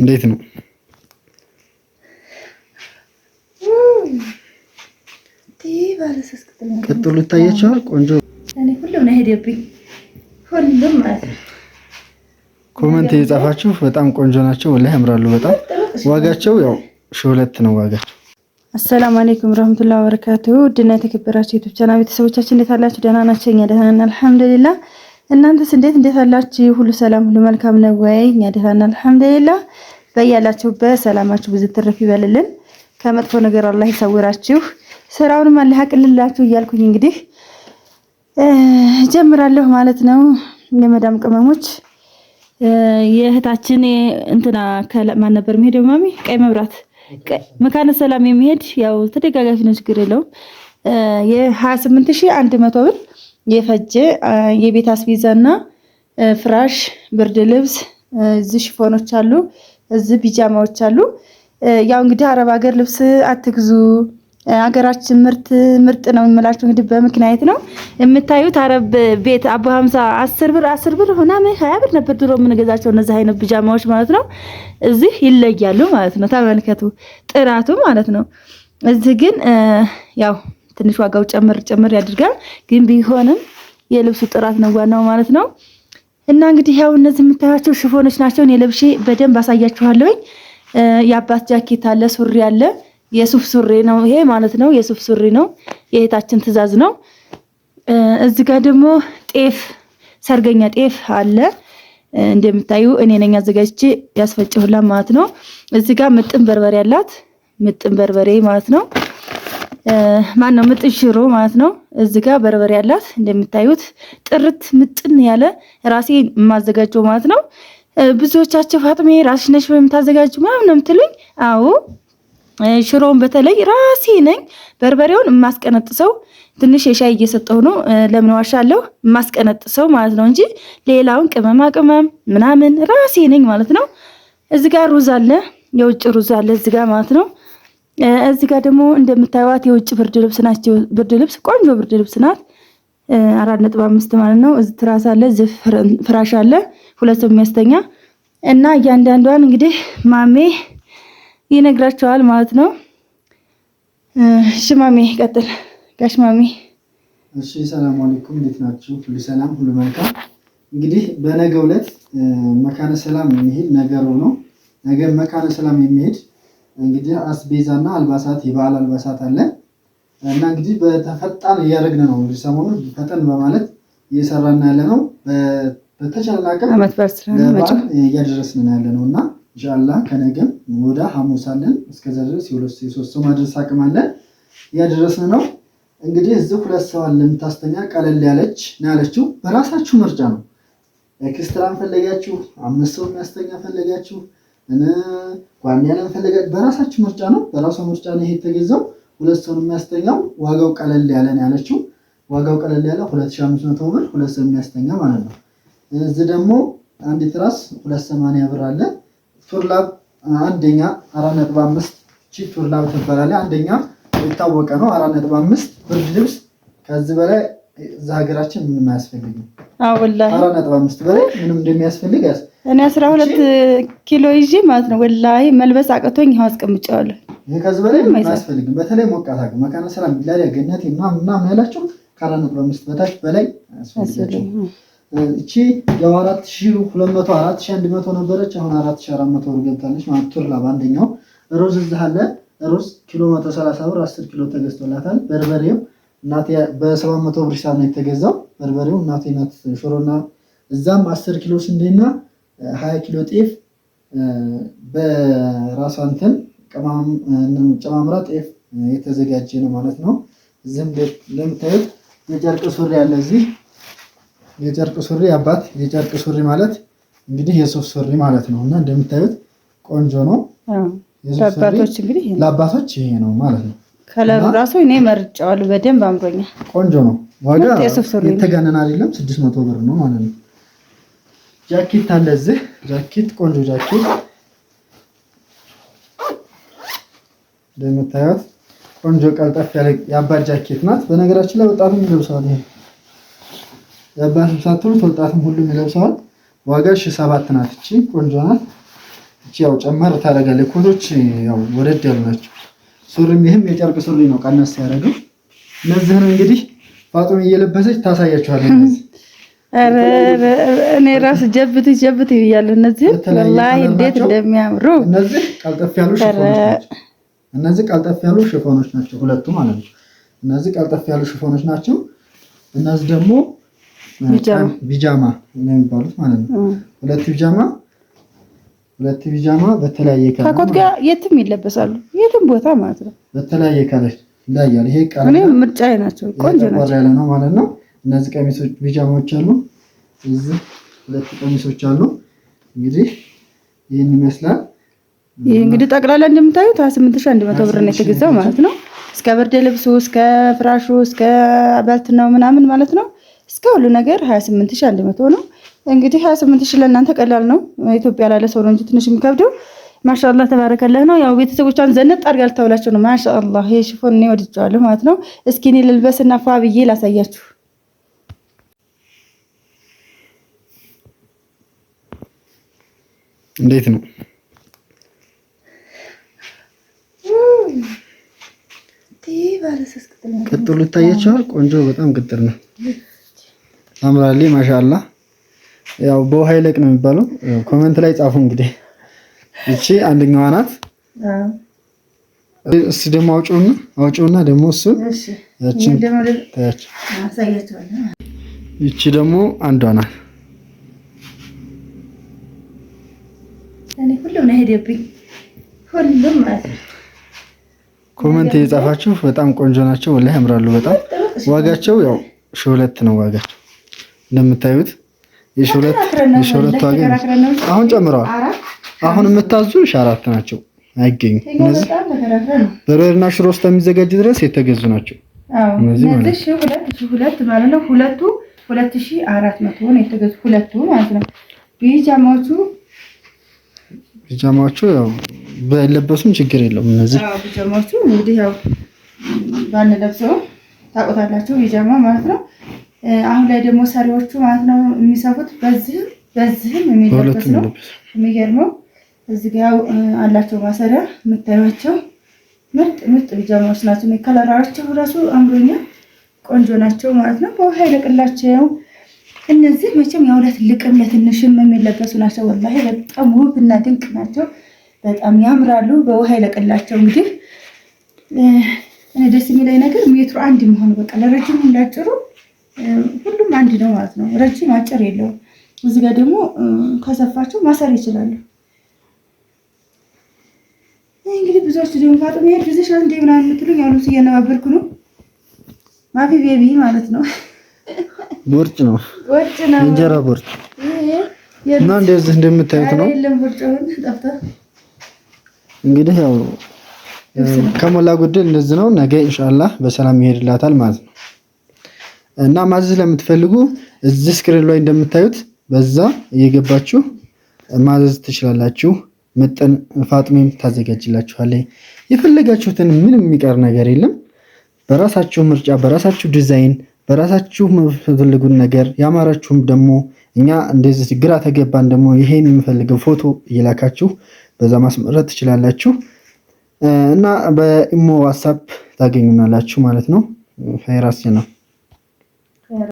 እንዴት ነው? ቅጥሉ ይታያቸዋል። ቆንጆ ኮመንት እየጻፋችሁ በጣም ቆንጆ ናቸው፣ ወላሂ ያምራሉ። በጣም ዋጋቸው ያው ሺህ ሁለት ነው ዋጋቸው። አሰላሙ አሌይኩም ረህመቱላ ወበረካቱሁ። ድና የተከበራቸው የዩቲዩብ ቤተሰቦቻችን እንዴት አላችሁ? ደህና ናቸው። እኛ ደህና አልሐምዱሊላህ እናንተስ እንዴት እንዴት አላችሁ? ሁሉ ሰላም፣ ሁሉ መልካም ነው ወይ? እኛ ደህና ነን አልሐምዱሊላህ። በያላችሁበት ሰላማችሁ ብዙ ትርፍ ይበልልን፣ ከመጥፎ ነገር አላህ ይሰውራችሁ፣ ስራውንም አላህ ያቅልላችሁ እያልኩኝ እንግዲህ ጀምራለሁ ማለት ነው። የመዳም ቅመሞች የእህታችን እንትና ከማን ነበር የሚሄደው? ማሚ ቀይ መብራት መካነ ሰላም የሚሄድ ያው ተደጋጋፊ ነው፣ ችግር የለውም። የ28 ሺህ 100 ብር የፈጀ የቤት አስቤዛና ፍራሽ፣ ብርድ ልብስ፣ እዚህ ሽፎኖች አሉ፣ እዚህ ቢጃማዎች አሉ። ያው እንግዲህ አረብ ሀገር ልብስ አትግዙ፣ ሀገራችን ምርት ምርጥ ነው የምላችሁ እንግዲህ በምክንያት ነው የምታዩት። አረብ ቤት አቦ ሀምሳ አስር ብር አስር ብር ሆና ሀያ ብር ነበር ድሮ የምንገዛቸው እነዚህ አይነት ቢጃማዎች ማለት ነው። እዚህ ይለያሉ ማለት ነው። ተመልከቱ ጥራቱ ማለት ነው። እዚህ ግን ያው ትንሽ ዋጋው ጨምር ጨምር ያድርጋል። ግን ቢሆንም የልብሱ ጥራት ነው ዋናው ማለት ነው። እና እንግዲህ ያው እነዚህ የምታያቸው ሽፎኖች ናቸው። እኔ ለብሼ በደንብ አሳያችኋለሁኝ። የአባት ጃኬት አለ፣ ሱሪ አለ። የሱፍ ሱሪ ነው ይሄ ማለት ነው። የሱፍ ሱሪ ነው። የእህታችን ትዕዛዝ ነው። እዚህ ጋር ደግሞ ጤፍ፣ ሰርገኛ ጤፍ አለ። እንደምታዩ እኔ ነኝ አዘጋጅቼ ያስፈጭሁላ ማለት ነው። እዚህ ጋር ምጥን በርበሬ አላት። ምጥን በርበሬ ማለት ነው። ማን ነው ምጥን ሽሮ ማለት ነው። እዚህ ጋር በርበሬ ያላት እንደምታዩት ጥርት ምጥን ያለ ራሴ የማዘጋጀው ማለት ነው። ብዙዎቻቸው ፋጥሜ ራስሽ ነሽ ወይም ታዘጋጅ ምናምን ነው የምትሉኝ። አዎ ሽሮውን በተለይ ራሴ ነኝ በርበሬውን የማስቀነጥሰው። ትንሽ የሻይ እየሰጠሁ ነው ለምን ዋሻለሁ፣ የማስቀነጥሰው ማለት ነው እንጂ ሌላውን ቅመማ ቅመም ምናምን ራሴ ነኝ ማለት ነው። እዚህ ጋር ሩዝ አለ፣ የውጭ ሩዝ አለ እዚህ ጋር ማለት ነው። እዚህ ጋር ደግሞ እንደምታዩት የውጭ ብርድ ልብስ ናቸው። ብርድ ልብስ ቆንጆ ብርድ ልብስ ናት። አራት ነጥብ አምስት ማለት ነው። እዚህ ትራስ አለ፣ እዚህ ፍራሽ አለ፣ ሁለት ሰው የሚያስተኛ እና እያንዳንዷን እንግዲህ ማሜ ይነግራቸዋል ማለት ነው። ሽማሜ ቀጥል። ጋሽ ማሜ እሺ። ሰላም አለይኩም፣ እንዴት ናችሁ? ሁሉ ሰላም፣ ሁሉ መልካም። እንግዲህ በነገ ዕለት መካነ ሰላም የሚሄድ ነገር ነው። ነገ መካነ ሰላም የሚሄድ እንግዲህ አስቤዛና አልባሳት የበዓል አልባሳት አለ እና እንግዲህ በተፈጣን እያደረግን ነው። እንግዲህ ሰሞኑን ፈጠን በማለት እየሰራን ያለ ነው። በተቻለ አቅም ለበዓል እያደረስን ያለ ነው እና እንሻላ ከነገም ወደ ሐሙስ አለን። እስከዛ ድረስ የሁለት የሶስት ሰው ማድረስ አቅም አለን፣ እያደረስን ነው። እንግዲህ እዚህ ሁለት ሰው አለ የምታስተኛ ቀለል ያለች ነው ያለችው። በራሳችሁ ምርጫ ነው። ኤክስትራን ፈለጋችሁ፣ አምስት ሰው የሚያስተኛ ፈለጋችሁ ጓንዲያንን ፈለገ በራሳችን ምርጫ ነው። በራሷ ምርጫ ነው ይሄ የተገዛው። ሁለት ሰው የሚያስተኛው ዋጋው ቀለል ያለ ነው ያለችው። ዋጋው ቀለል ያለ 2500 ብር ሁለት ሰው የሚያስተኛ ማለት ነው። እዚህ ደግሞ አንድ ትራስ 280 ብር አለ። ቱርላብ አንደኛ 4.5 ቺ ቱርላብ ትባላለች። አንደኛ የታወቀ ነው 4.5 ብርድ ልብስ ከዚህ በላይ እዛ ሀገራችን ምንም አያስፈልግም። አዎ ወላሂ 4.5 በላይ ምንም እንደሚያስፈልግ እኔ አስራ ሁለት ኪሎ ይዤ ማለት ነው። ወላሂ መልበስ አቅቶኝ ይኸው አስቀምጫዋለሁ። ይሄ ከዚህ በላይ አያስፈልግም። በተለይ ሞቃታ መካነ ሰላም ቢላል ያገኘት ምናምን ምናምን ያላቸው ከአራት ነጥብ አምስት በታች በላይ አያስፈልጋቸውም። እቺ ያው አራት ሺ ሁለት መቶ አራት ሺ አንድ መቶ ነበረች። አሁን አራት ሺ አራት መቶ ብር ገብታለች ማለት ቱርላ በአንደኛው ሮዝ እዚህ አለ። ሮዝ ኪሎ መቶ ሰላሳ ብር አስር ኪሎ ተገዝቶላታል። በርበሬው እናቴ በሰባት መቶ ብር ሂሳብ ነው የተገዛው። በርበሬው እናቴ ናት ሽሮና እዛም አስር ኪሎ ስንዴና ሀያ ኪሎ ጤፍ በራሷ እንትን ጨማምራ ጤፍ የተዘጋጀ ነው ማለት ነው። እዚህም ለምታዩት የጨርቅ ሱሪ አለ። እዚህ የጨርቅ ሱሪ አባት የጨርቅ ሱሪ ማለት እንግዲህ የሱፍ ሱሪ ማለት ነው እና እንደምታዩት ቆንጆ ነው። ለአባቶች ይሄ ነው ማለት ነው። ከለሩ ራሱ እኔ መርጫዋል በደንብ አምሮኛል። ቆንጆ ነው። ዋጋ የተጋነን አይደለም። ስድስት መቶ ብር ነው ማለት ነው። ጃኬት አለ እዚህ ጃኬት፣ ቆንጆ ጃኬት እንደምታዩት ቆንጆ ቀልጠፍ ያለ የአባት ጃኬት ናት። በነገራችን ላይ ወጣትም ይለብሰዋል። ይሄ የአባት ልብስ ወጣቱም ሁሉም ይለብሰዋል። ዋጋ ሺ ሰባት ናት። እቺ ቆንጆ ናት። እቺ ያው ጨመር ታደርጋለች። ኮቶች ያው ወደድ ያሉ ናቸው። ሱሪም ይህም የጨርቅ ሱሪ ነው ቀነስ ያደረገው። እነዚህን እንግዲህ ፋጡም እየለበሰች ታሳያችኋለች። እኔ ራስ ጀብት ጀብት ይብያሉ። እነዚህ ወላሂ እንዴት እንደሚያምሩ እነዚህ ቀልጠፍ ያሉ ሽፎኖች ናቸው። እነዚህ ቀልጠፍ ያሉ ሽፎኖች ናቸው፣ ሁለቱ ማለት ነው። እነዚህ ቀልጠፍ ያሉ ሽፎኖች ናቸው። እነዚህ ደግሞ ቢጃማ የሚባሉት ማለት ነው። ሁለት ቢጃማ ሁለት ቢጃማ በተለያየ ከለር ከኮት ጋር የትም ይለበሳሉ፣ የትም ቦታ ማለት ነው። በተለያየ ከለር ይለያል። ይሄ ምርጫዬ ናቸው፣ ቆንጆ ናቸው ያለ ነው ማለት ነው። እነዚህ ቀሚሶች ቢጃማዎች አሉ። እዚህ ሁለት ቀሚሶች አሉ። እንግዲህ ይህን ይመስላል። ይህ እንግዲህ ጠቅላላ እንደምታዩት ሀያ ስምንት ሺህ አንድ መቶ ብር ነው የተገዛው ማለት ነው። እስከ ብርድ ልብሱ፣ እስከ ፍራሹ፣ እስከ ባልትናው ምናምን ማለት ነው። እስከ ሁሉ ነገር ሀያ ስምንት ሺህ አንድ መቶ ነው። እንግዲህ ሀያ ስምንት ሺህ ለእናንተ ቀላል ነው። ኢትዮጵያ ላለ ሰው ነው እንጂ ትንሽ የሚከብደው። ማሻላ ተባረከለህ ነው። ያው ቤተሰቦቿን ዘነት አድርጋ ልታውላቸው ነው። ማሻላ ይሄ ሽፎን እኔ ወድጀዋለሁ ማለት ነው። እስኪ እኔ ልልበስና ፏ ብዬ ላሳያችሁ። እንዴት ነው? ቅጥሉ ይታያቸዋል። ቆንጆ በጣም ቅጥል ነው። አምራሌ ማሻላ። ያው በውሃ ይለቅ ነው የሚባለው። ኮመንት ላይ ጻፉ እንግዲህ። እቺ አንደኛዋ ናት። እስቲ ደግሞ አውጪውና አውጪውና ደግሞ እሱ እቺ ደግሞ አንዷ ናት። ሄደብኝ ሁሉም ማለት ነው። ኮመንት የጻፋችሁ በጣም ቆንጆ ናቸው፣ ወላሂ ያምራሉ በጣም ዋጋቸው ያው ሺህ ሁለት ነው ዋጋቸው እንደምታዩት የሺህ ዋጋ አሁን ጨምረዋል። አሁን የምታዙ ሺህ አራት ናቸው አይገኙ። እነዚህ በርበሬና ሽሮ እስከሚዘጋጅ ድረስ የተገዙ ናቸው። እነዚህ ሁለት ሁለት ማለት ነው። ሁለቱ ሁለት ሺህ አራት መቶ ነው የተገዙ ሁለቱ ማለት ነው። ቢጃማዎቹ ቢጃማቸው ያው ባይለበሱም ችግር የለውም። እነዚህ ቢጃማዎቹ እንግዲህ ያው ባንለብሰው ታቆታላቸው ቢጃማ ማለት ነው። አሁን ላይ ደግሞ ሰሪዎቹ ማለት ነው የሚሰፉት በዚህም በዚህም የሚለበስ ነው። የሚገርመው እዚህ ጋ ያው አላቸው ማሰሪያ የምታዩቸው ምርጥ ምርጥ ቢጃማዎች ናቸው። ከለራቸው ራሱ አምሮኛ ቆንጆ ናቸው ማለት ነው። በውሃ ይለቅላቸው እነዚህ መቼም የሁለት ልቅም ለትንሽም የሚለበሱ ናቸው። ወላሂ በጣም ውብ እና ድንቅ ናቸው። በጣም ያምራሉ። በውሃ ይለቅላቸው። እንግዲህ እኔ ደስ የሚለኝ ነገር ሜትሩ አንድ መሆኑ በቃ ለረጅም እንዳጭሩ ሁሉም አንድ ነው ማለት ነው። ረጅም አጭር የለውም። እዚህ ጋር ደግሞ ከሰፋቸው ማሰር ይችላሉ። እንግዲህ ብዙዎች ደግሞ ፋጡ መሄድ ብዝሻል እንደ ምናምን የምትሉኝ አሉ። እያነባበርኩ ነው። ማፊ ቤቢ ማለት ነው። ቦርጭ ነው እንጀራ ቦርጭ እና እንደዚህ እንደምታዩት ነው። እንግዲህ ያው ከሞላ ጎደል እንደዚህ ነው። ነገ ኢንሻአላህ በሰላም ይሄድላታል ማለት ነው። እና ማዘዝ ለምትፈልጉ እዚህ ስክሪን ላይ እንደምታዩት በዛ እየገባችሁ ማዘዝ ትችላላችሁ። መጠን ፋጥሜም ታዘጋጅላችኋለች። የፈለጋችሁትን ምንም የሚቀር ነገር የለም። በራሳችሁ ምርጫ በራሳችሁ ዲዛይን በራሳችሁ የምትፈልጉን ነገር ያማራችሁም ደግሞ እኛ እንደዚህ ግራ ተገባን ደግሞ ይሄን የምፈልገው ፎቶ እየላካችሁ በዛ ማስመረጥ ትችላላችሁ እና በኢሞ ዋትሳፕ ታገኙናላችሁ ማለት ነው። ራሴ ነው።